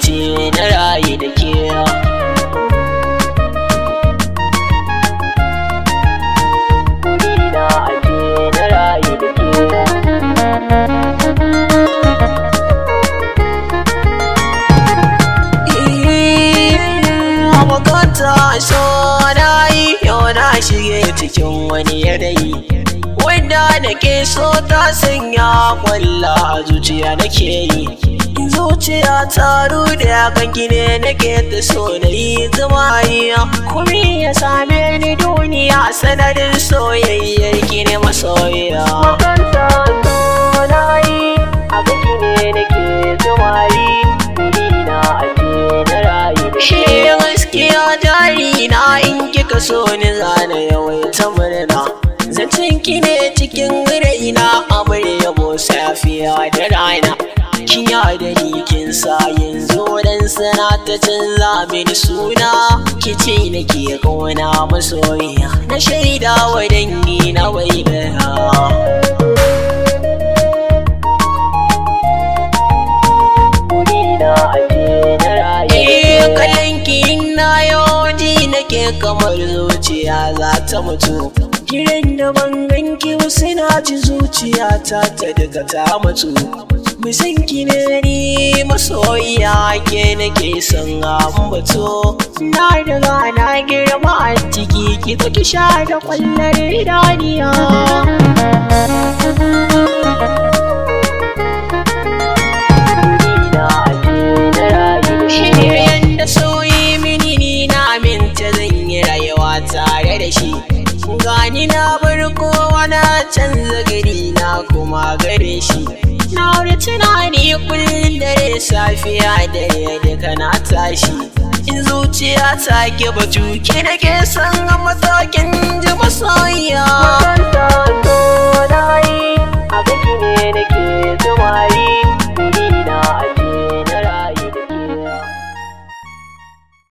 ce na rayu da ke shige cikin wani yanayi wanda nake so ta sanya kwalla a zuciya nake yi zuciya ta rude a kan gine nake ta so na yi zama iya kumi ya same ni duniya sanadin soyayyar ne masoyiya so na yi a na na rayu shi gaskiya jari na in kika so ni zana yawaita murna zancen ki ne cikin ina amur yabo safiya da rana da nikin sa yanzu dan sana ta canza mini suna kici ke kona masoyiya na shaida wa dangi na wai da eh, kamar zuciya za ta mutu gidan da ban ganki wasu na ji zuciya ta ta daga ta mutu musan kinari masoyiya ke nake son ambato na riga na girma a ciki ki zo ki sha da kwallar idaniya da sauyi mini ni na aminta zan yi rayuwa tare da shi gani na bar kowa na canza gari na kuma gare shi na wani tunani kullum dare safiya da yadda kana tashi in zuciya ta ke batu ke nake a matakin ji masoyiya